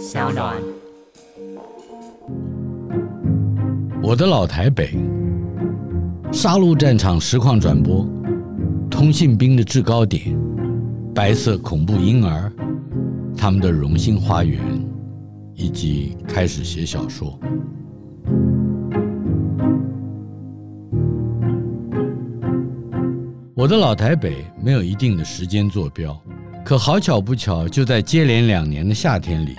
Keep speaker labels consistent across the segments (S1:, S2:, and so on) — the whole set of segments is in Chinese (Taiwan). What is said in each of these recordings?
S1: SoundOn，我的老台北，殺戮戰場實況轉播，通信兵的制高點，白色恐怖嬰兒，他們的榮星花園，以及開始寫小說。我的老台北沒有一定的時間坐標，可好巧不巧，就在接連兩年的夏天裡。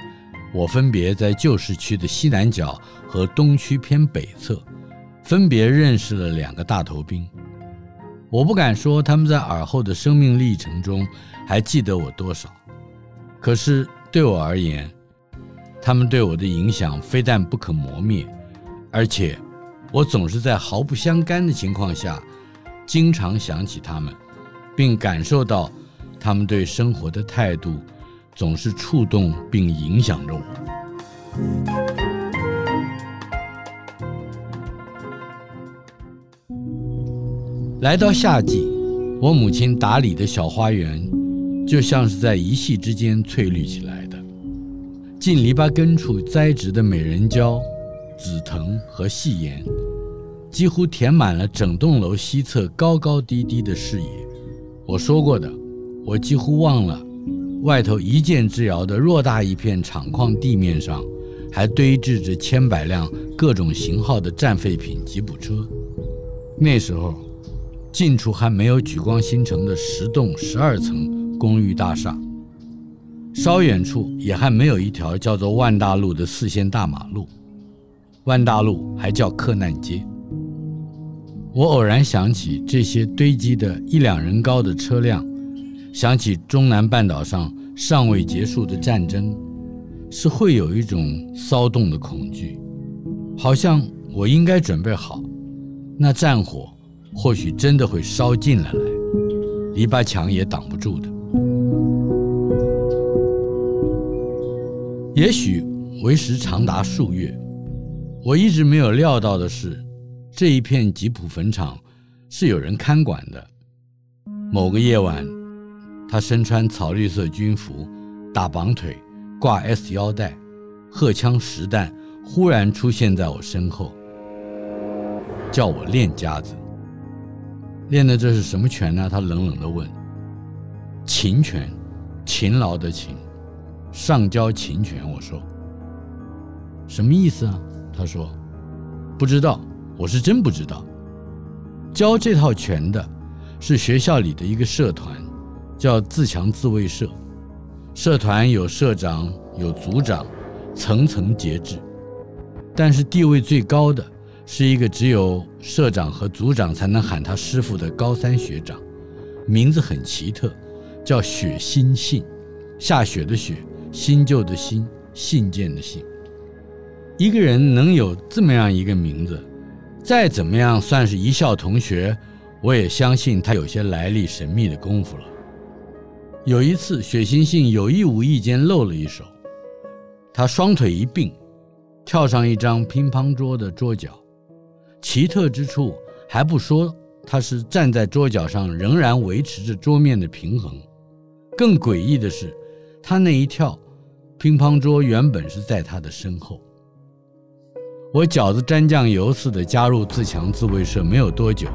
S1: 我分別在舊市區的西南角和東區偏北側，分別認識了兩個大頭兵。我不敢說他們在爾後的生命歷程中還記得我多少，可是對我而言，他們對我的影響非但不可磨滅，而且我總是在毫不相干的情況下，經常想起他們，並感受到他們對生活的態度。總是觸動並影響着我。來到夏季，我母親打理的小花園，就像是在一夕之間翠綠起來的。近籬笆根處栽植的美人蕉、紫藤和細鹽幾乎填滿了整棟樓西側高高低低的視野。我說過的，我幾乎忘了。外頭一箭之遙的偌大一片廠礦地面上，還堆置着千百輛各種型號的戰廢品吉普車。那時候，近處還沒有莒光新城的十棟十二層公寓大廈，稍遠處也還沒有一條叫做萬大路的四線大馬路。萬大路還叫克難街。我偶然想起這些堆積的一兩人高的車輛。想起中南半島上尚未結束的戰爭，是會有一種騷動的恐懼，好像我應該準備好，那戰火或許真的會燒進來了，籬笆牆也擋不住的。也許為時長達數月。我一直沒有料到的是，這一片吉普墳場是有人看管的。某個夜晚。他身穿草綠色軍服，打綁腿，掛 S 腰帶，荷槍實彈，忽然出現在我身後，叫我練家子。練的這是什麼拳呢？他冷冷地問。勤拳，勤勞的勤，上交勤拳。我說，什麼意思啊？他說，不知道，我是真不知道。教這套拳的，是學校裡的一個社團。叫自強自衛社，社，社團有社長，有組長，層層節制。但是地位最高的是一個只有社長和組長才能喊他師傅的高三學長，名字很奇特，叫雪新信，下雪的雪，新舊的新，信件的信。一個人能有這麼樣一個名字，再怎麼樣算是一校同學，我也相信他有些來歷神秘的功夫了。有一次，雪欣欣有意無意間露了一手，他雙腿一併，跳上一張乒乓桌的桌角。奇特之處還不說，他是站在桌角上，仍然維持着桌面的平衡。更詭異的是，他那一跳，乒乓桌原本是在他的身後。我餃子蘸醬油似的加入自強自衛社沒有多久，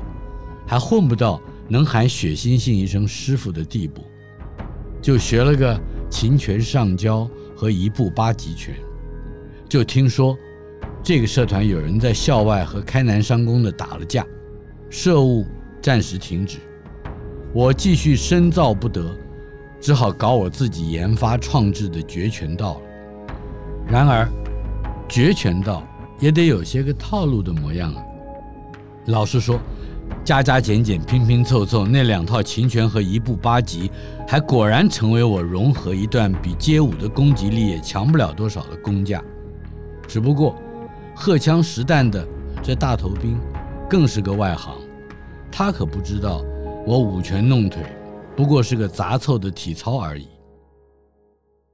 S1: 還混不到能喊雪欣欣一聲師傅的地步。就學了個秦拳上交和一部八極拳，就聽說這個社團有人在校外和開南商工的打了架，社務暫時停止。我繼續深造不得，只好搞我自己研發創製的絕拳道了。然而，絕拳道也得有些個套路的模樣啊。老實說。加加減減，拼拼湊湊，那兩套擒拳和一部八極，還果然成為我融合一段比街舞的攻擊力也強不了多少的功架。只不過，荷槍實彈的這大頭兵，更是個外行。他可不知道，我舞拳弄腿，不過是個雜湊的體操而已。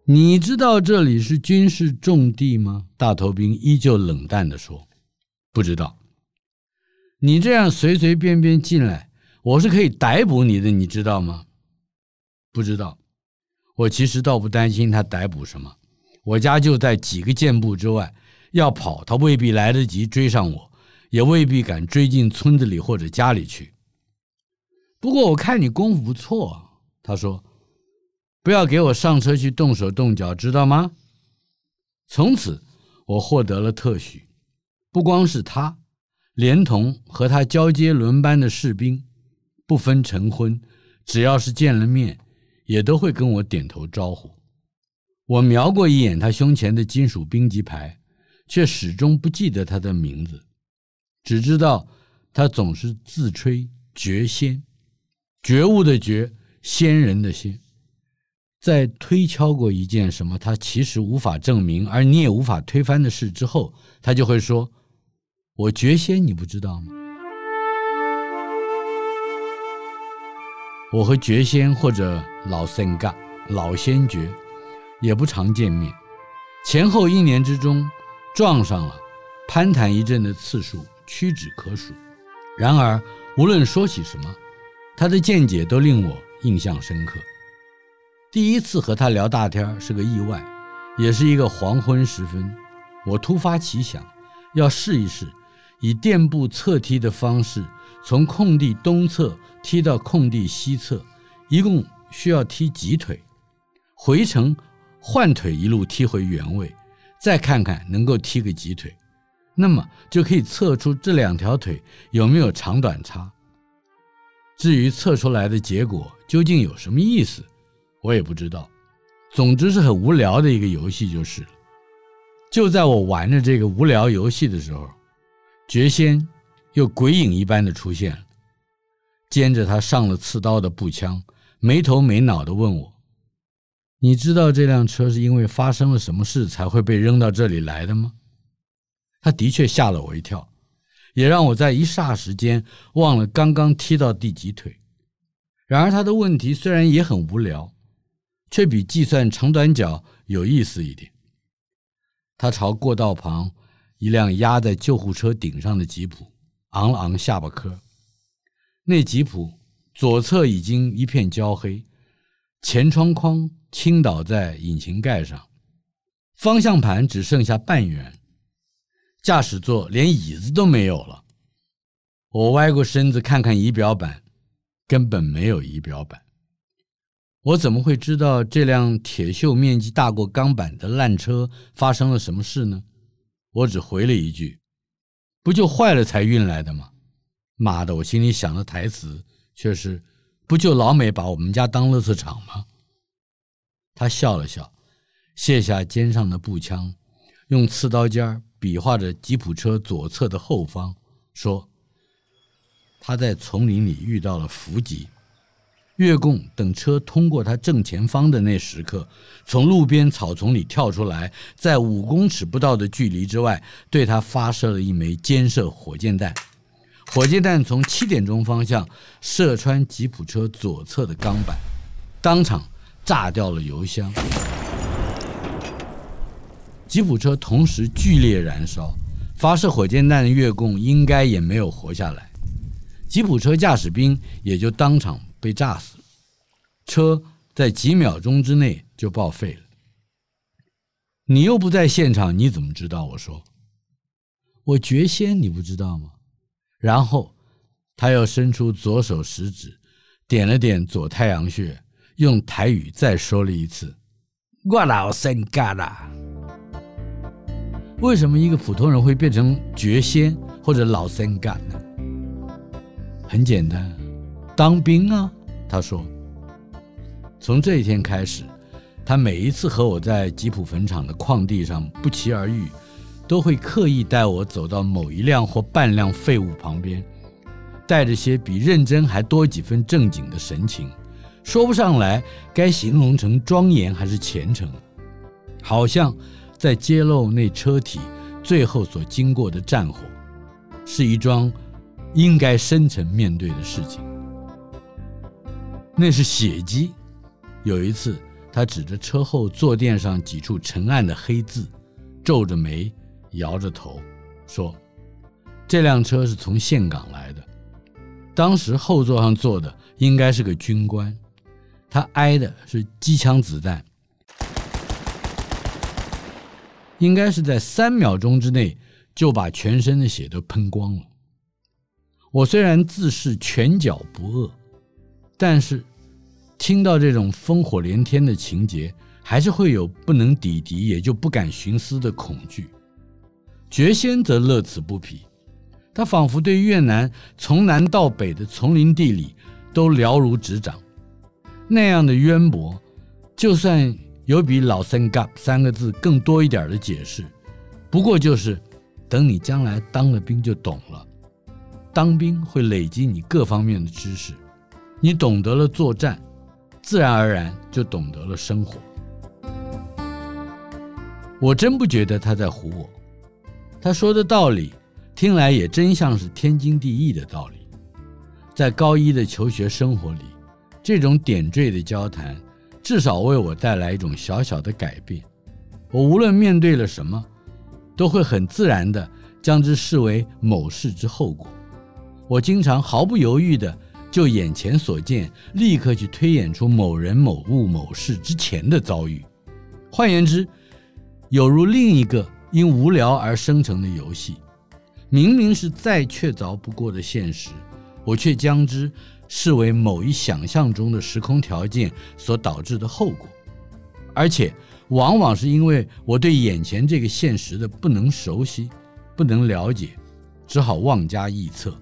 S1: 你知道這裡是軍事重地嗎？大頭兵依舊冷淡地說：“不知道。”你這樣隨隨便便進來，我是可以逮捕你的，你知道嗎？不知道。我其實倒不擔心他逮捕什麼，我家就在幾個箭步之外，要跑他未必來得及追上我，也未必敢追進村子裡或者家裡去。不過我看你功夫不錯。他說：“不要給我上車去動手動腳，知道嗎？”從此，我獲得了特許，不光是他。連同和他交接輪班的士兵，不分晨昏，只要是見了面，也都會跟我點頭招呼。我瞄過一眼他胸前的金屬兵籍牌，卻始終不記得他的名字，只知道他總是自吹覺仙，覺悟的覺，仙人的仙。在推敲過一件什麼他其實無法證明，而你也無法推翻的事之後，他就會說。我覺仙，你不知道嗎？我和覺仙或者老三嘎、老先覺，也不常見面，前後一年之中，撞上了，攀談一陣的次數屈指可數。然而，無論說起什麼，他的見解都令我印象深刻。第一次和他聊大天是個意外，也是一個黃昏時分，我突發奇想，要試一試。以墊步側踢的方式，從空地東側踢到空地西側，一共需要踢幾腿？回程換腿，一路踢回原位，再看看能夠踢個幾腿，那麼就可以測出這兩條腿有沒有長短差。至於測出來的結果究竟有什麼意思，我也不知道。總之是很無聊的一個遊戲就是了。就在我玩着這個無聊遊戲的時候。老先覺又鬼影一般的出現了，肩着他上了刺刀的步槍，沒頭沒腦地問我：“你知道這輛車是因為發生了什麼事才會被扔到這裡來的嗎？”他的確嚇了我一跳，也讓我在一霎時間忘了剛剛踢到第幾腿。然而他的問題雖然也很無聊，卻比計算長短腳有意思一點。他朝過道旁。一輛壓在救護車頂上的吉普，昂了昂下巴頦。那吉普左側已經一片焦黑，前窗框傾倒在引擎蓋上，方向盤只剩下半圓，駕駛座連椅子都沒有了。我歪過身子看看儀表板，根本沒有儀表板。我怎麼會知道這輛鐵鏽面積大過鋼板的爛車發生了什麼事呢？我只回了一句：“不就壞了才運來的嗎？”媽的，我心裡想的台詞卻是：“不就老美把我們家當垃圾場嗎？”他笑了笑，卸下肩上的步槍，用刺刀尖兒比劃着吉普車左側的後方，說：“他在叢林裡遇到了伏擊。”越共等車通過他正前方的那時刻，從路邊草叢裡跳出來，在五公尺不到的距離之外，對他發射了一枚肩射火箭彈。火箭彈從七點鐘方向射穿吉普車左側的鋼板，當場炸掉了油箱。吉普車同時劇烈燃燒，發射火箭彈的越共應該也沒有活下來，吉普車駕駛兵也就當場。被炸死，車在幾秒鐘之內就報廢了，你又不在現場，你怎麼知道？我說，我絕仙，你不知道嗎？然後他又伸出左手食指，點了點左太陽穴，用台語再說了一次：“我老先覺啦。”為什麼一個普通人會變成絕仙或者老先覺呢？很簡單。當兵啊，他說。從這一天開始，他每一次和我在吉普墳場的曠地上不期而遇，都會刻意帶我走到某一輛或半輛廢物旁邊，帶着些比認真還多幾分正經的神情，說不上來該形容成莊嚴還是虔誠，好像在揭露那車體最後所經過的戰火，是一樁應該深沉面對的事情。那是血跡。有一次，他指着車後坐墊上幾處沉暗的黑字，皺着眉，搖着頭，說：“這輛車是從峴港來的。當時後座上坐的應該是個軍官，他挨的是機槍子彈，應該是在三秒鐘之內就把全身的血都噴光了。我雖然自恃拳腳不惡。”但是，聽到這種烽火連天的情節，還是會有不能抵敵，也就不敢徇私的恐懼。覺先則樂此不疲，他仿佛對越南從南到北的叢林地理都了如指掌，那樣的淵博，就算有比“老三嘎”三個字更多一點的解釋，不過就是等你將來當了兵就懂了，當兵會累積你各方面的知識。你懂得了作戰，自然而然就懂得了生活。我真不覺得他在唬我，他說的道理聽來也真像是天經地義的道理。在高一的求學生活裡，這種點綴的交談，至少為我帶來一種小小的改變。我無論面對了什麼，都會很自然地將之視為某事之後果。我經常毫不猶豫地，就眼前所見，立刻去推演出某人、某物、某事之前的遭遇。換言之，有如另一個因無聊而生成的遊戲。明明是再確鑿不過的現實，我卻將之視為某一想象中的時空條件所導致的後果。而且，往往是因為我對眼前這個現實的不能熟悉、不能了解，只好妄加臆測，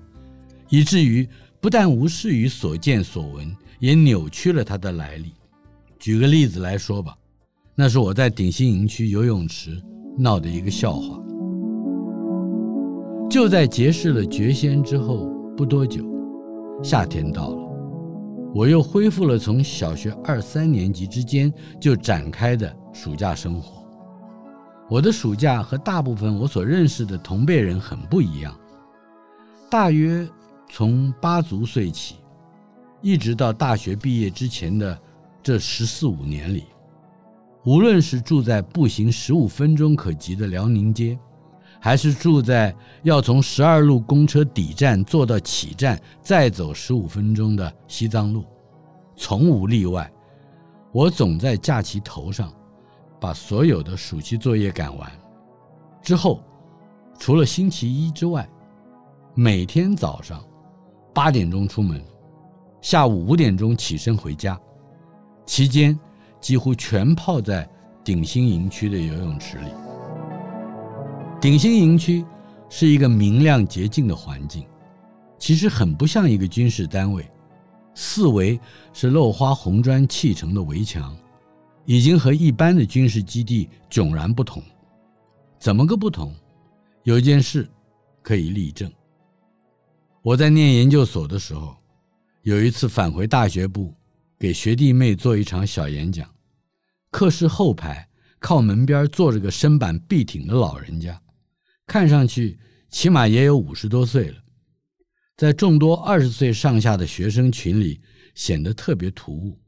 S1: 以至於……不但無視於所見所聞，也扭曲了他的來歷。舉個例子來說吧，那是我在鼎新營區游泳池鬧的一個笑話。就在結識了覺仙之後不多久，夏天到了，我又恢復了從小學二三年級之間就展開的暑假生活。我的暑假和大部分我所認識的同輩人很不一樣，大約。從八足歲起，一直到大學畢業之前的這十四五年裡，無論是住在步行十五分鐘可及的遼寧街，還是住在要從十二路公車底站坐到起站再走十五分鐘的西藏路，從無例外。我總在假期頭上把所有的暑期作業趕完，之後，除了星期一之外，每天早上。八點鐘出門，下午五點鐘起身回家，其間幾乎全泡在頂新營區的游泳池裡。頂新營區是一個明亮潔淨的環境，其實很不像一個軍事單位。四圍是落花紅磚砌成的圍牆，已經和一般的軍事基地迥然不同。怎麼個不同？有一件事可以例證。我在念研究所的時候，有一次返回大學部，給學弟妹做一場小演講。課室後排靠門邊坐着個身板筆挺的老人家，看上去起碼也有五十多歲了，在眾多二十歲上下的學生群裡顯得特別突兀。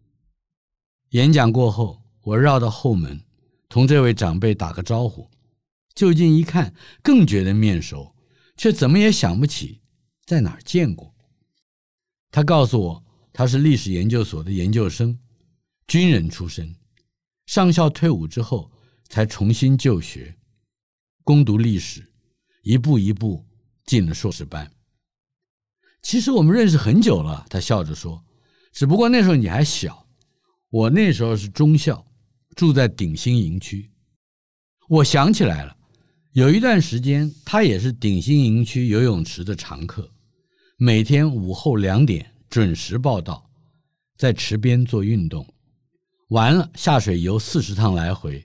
S1: 演講過後，我繞到後門，同這位長輩打個招呼。就近一看，更覺得面熟，卻怎麼也想不起。在哪見過？他告訴我，他是歷史研究所的研究生，軍人出身，上校退伍之後才重新就學，攻讀歷史，一步一步進了碩士班。其實我們認識很久了，他笑着說，只不過那時候你還小，我那時候是中校，住在鼎新營區。我想起來了。有一段時間，他也是鼎新營區游泳池的常客，每天午後兩點準時報到，在池邊做運動，完了下水游四十趟來回，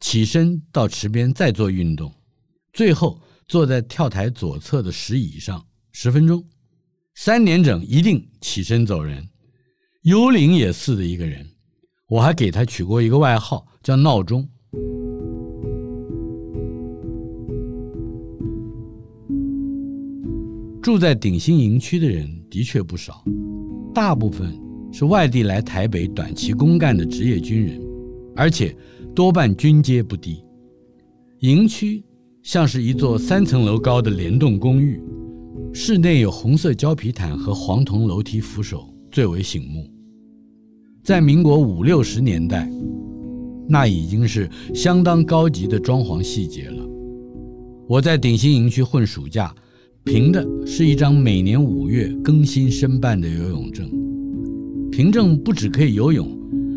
S1: 起身到池邊再做運動，最後坐在跳台左側的石椅上十分鐘，三點整一定起身走人。幽靈也似的一個人，我還給他取過一個外號叫鬧鐘。住在頂新營區的人的確不少，大部分是外地來台北短期公幹的職業軍人，而且多半軍階不低。營區像是一座三層樓高的連棟公寓，室內有紅色膠皮毯和黃銅樓梯扶手最為醒目。在民國五六十年代，那已經是相當高級的裝潢細節了。我在頂新營區混暑假。憑的是一張每年五月更新申辦的游泳證，憑證不只可以游泳，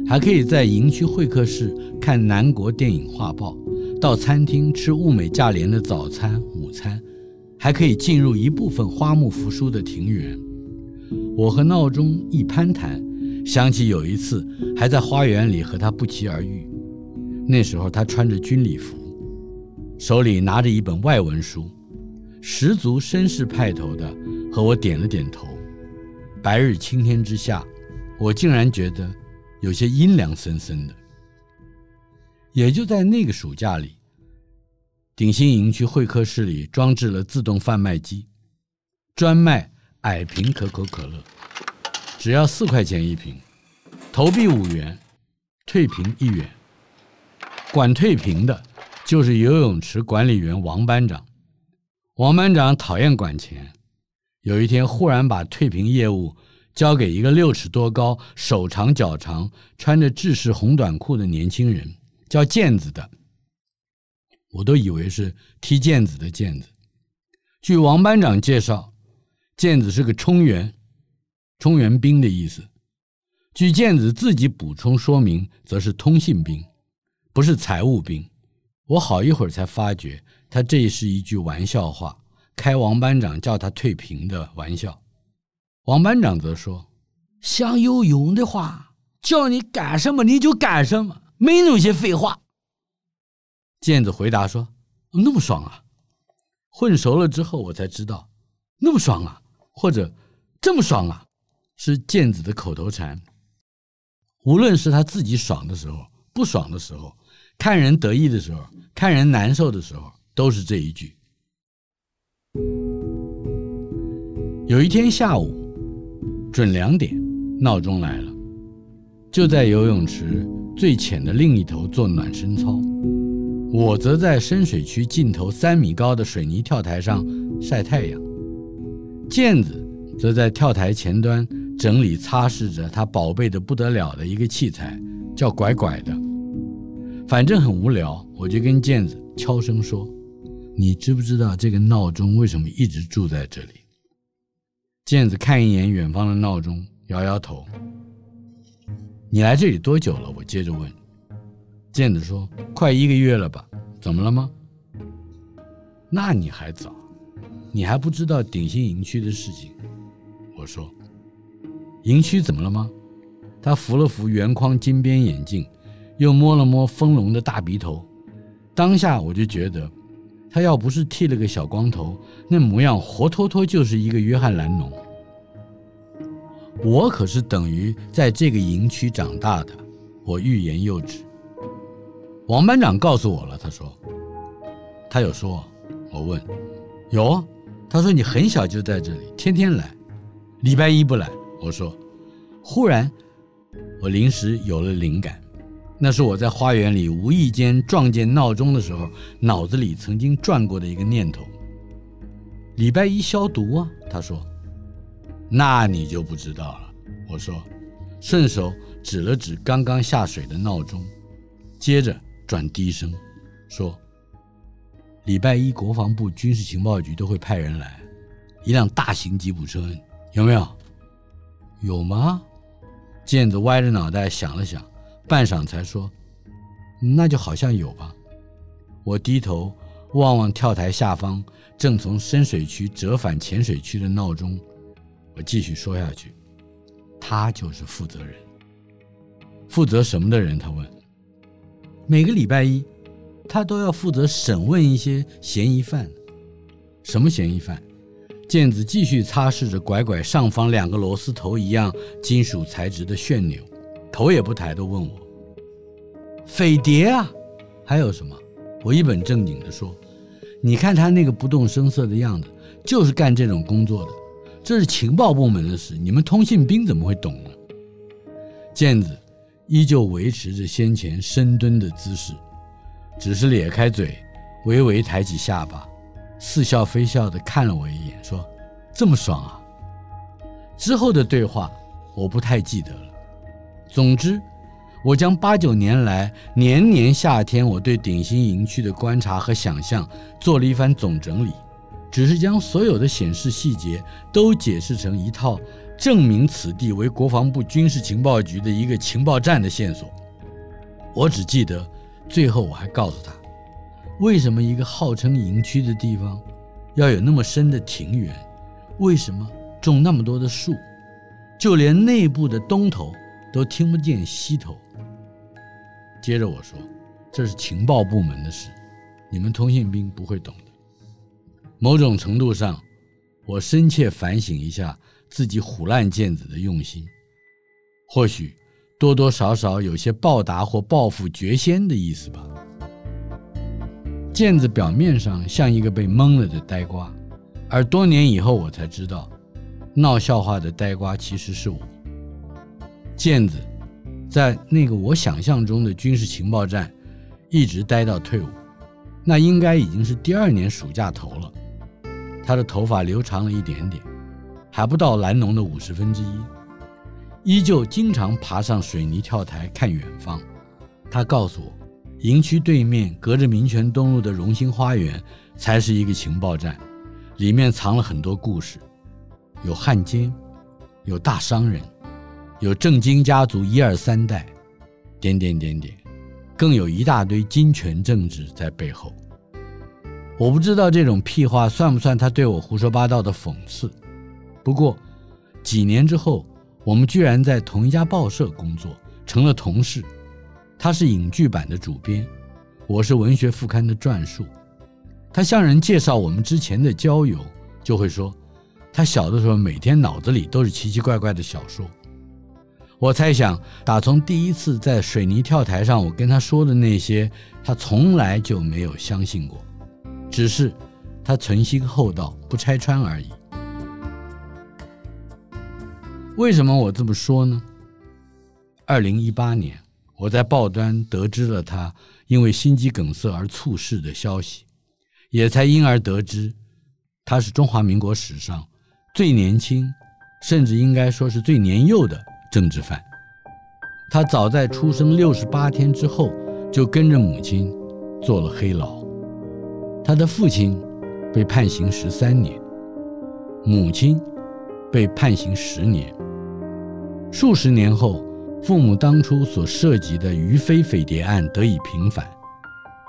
S1: 還可以在營區會客室看南國電影畫報，到餐廳吃物美價廉的早餐、午餐，還可以進入一部分花木扶疏的庭園。我和鬧鐘一攀談，想起有一次還在花園裡和他不期而遇，那時候他穿着軍禮服，手裡拿着一本外文書。十足紳士派頭的，和我點了點頭。白日青天之下，我竟然覺得有些陰涼森森的。也就在那個暑假裡，頂新營區會客室裡裝置了自動販賣機，專賣矮瓶可口可樂，只要四塊錢一瓶，投幣五元，退瓶一元。管退瓶的，就是游泳池管理員王班長。王班長討厭管錢，有一天忽然把退瓶業務交給一個六尺多高、手長腳長、穿着制式紅短褲的年輕人，叫毽子的。我都以為是踢毽子的毽子。據王班長介紹，毽子是個充員，充員兵的意思。據毽子自己補充說明，則是通信兵，不是財務兵。我好一會兒才發覺，他這是一句玩笑話，開王班長叫他退屏的玩笑。王班長則說：“想游泳的話，叫你幹什麼你就幹什麼，沒那麼些廢話。”健子回答說，哦：“那麼爽啊！”混熟了之後，我才知道，“那麼爽啊”或者“這麼爽啊”是健子的口頭禪。無論是他自己爽的時候，不爽的時候。看人得意的時候，看人難受的時候，都是這一句。有一天下午，準兩點，鬧鐘來了，就在游泳池最淺的另一頭做暖身操，我則在深水區盡頭三米高的水泥跳台上曬太陽，毽子則在跳台前端整理擦拭着他寶貝的不得了的一個器材，叫拐拐的。反正很無聊，我就跟健子悄聲說：“你知不知道這個鬧鐘為什麼一直住在這裡？”健子看一眼遠方的鬧鐘，搖搖頭。“你來這裡多久了？”我接着問。健子說：“快一個月了吧？”“怎麼了嗎？”“那你還早，你還不知道鼎新營區的事情。”我說。“營區怎麼了嗎？”他扶了扶圓框金邊眼鏡。又摸了摸風龍的大鼻頭，當下我就覺得，他要不是剃了個小光頭，那模樣活脫脫就是一個約翰蘭農。我可是等於在這個營區長大的，我欲言又止。王班長告訴我了，他說，他有說，我問，有啊，他說你很小就在這裡，天天來，禮拜一不來。我說，忽然，我臨時有了靈感。那是我在花園裡無意間撞見鬧鐘的時候，腦子裡曾經轉過的一個念頭。禮拜一消毒啊，他說。那你就不知道了。我說，順手指了指剛剛下水的鬧鐘，接着轉低聲說，禮拜一國防部軍事情報局都會派人來，一輛大型吉普車，有沒有？有嗎？健子歪着腦袋想了想。半晌才說：“那就好像有吧。”我低頭望望跳台下方，正從深水區折返淺水區的鬧鐘。我繼續說下去：“他就是負責人。負責什麼的人？”他問。“每個禮拜一，他都要負責審問一些嫌疑犯。”“什麼嫌疑犯？”健子繼續擦拭着拐拐上方兩個螺絲頭一樣金屬材質的旋鈕。頭也不抬地問我：“匪諜啊，還有什麼？”我一本正經地說：“你看他那個不動聲色的樣子，就是幹這種工作的，這是情報部門的事，你們通信兵怎麼會懂呢？”健子依舊維持着先前深蹲的姿勢，只是咧開嘴，微微抬起下巴，似笑非笑地看了我一眼，說：“這麼爽啊？”之後的對話我不太記得了。總之，我將八九年來年年夏天我對鼎新營區的觀察和想象做了一番總整理，只是將所有的顯示細節都解釋成一套證明此地為國防部軍事情報局的一個情報站的線索。我只記得，最後我還告訴他，為什麼一個號稱營區的地方要有那麼深的庭園，為什麼種那麼多的樹，就連內部的東頭。都聽不見西頭。接着我說：“這是情報部門的事，你們通信兵不會懂的。”某種程度上，我深切反省一下自己唬爛劍子的用心，或許多多少少有些報答或報復絕仙的意思吧。劍子表面上像一個被蒙了的呆瓜，而多年以後我才知道，鬧笑話的呆瓜其實是我。毽子在那個我想象中的軍事情報站一直待到退伍，那應該已經是第二年暑假頭了。他的頭髮留長了一點點，還不到藍龍的五十分之一，依舊經常爬上水泥跳台看遠方。他告訴我，營區對面隔着民權東路的榮星花園才是一個情報站，裡面藏了很多故事，有漢奸，有大商人。有政經家族一二三代，點點點點，更有一大堆金權政治在背後。我不知道這種屁話算不算他對我胡說八道的諷刺。不過幾年之後，我們居然在同一家報社工作，成了同事。他是影劇版的主編，我是文學副刊的撰述。他向人介紹我們之前的交友，就會說他小的時候每天腦子裡都是奇奇怪怪的小說。我猜想，打從第一次在水泥跳台上，我跟他說的那些，他從來就沒有相信過，只是他存心厚道，不拆穿而已。為什麼我這麼說呢？二零一八年，我在報端得知了他因為心肌梗塞而猝逝的消息，也才因而得知，他是中華民國史上最年輕，甚至應該說是最年幼的，政治犯，他早在出生六十八天之後就跟着母親坐了黑牢。他的父親被判刑十三年，母親被判刑十年。數十年後，父母當初所涉及的於非匪諜案得以平反，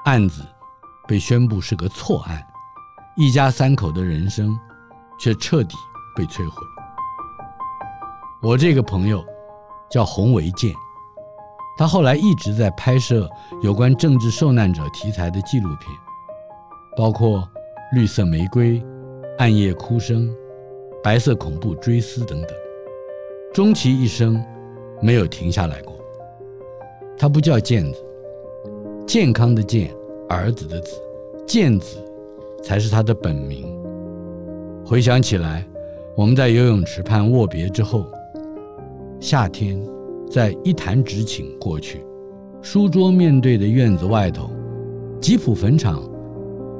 S1: 案子被宣布是個錯案，一家三口的人生卻徹底被摧毀。我這個朋友。叫洪維健，他後來一直在拍攝有關政治受難者題材的紀錄片，包括《綠色玫瑰》《暗夜哭聲》《白色恐怖追思》等等，終其一生沒有停下來過。他不叫健子，健康的健，兒子的子，健子才是他的本名。回想起來，我們在游泳池畔握別之後。夏天，在一彈指頃過去，書桌面對的院子外頭，吉普墳場，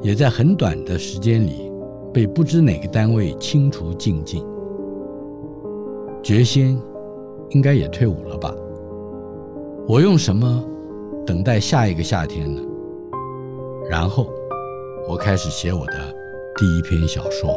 S1: 也在很短的時間裡，被不知哪個單位清除淨盡。覺先，應該也退伍了吧？我用什麼，等待下一個夏天呢？然後，我開始寫我的第一篇小說。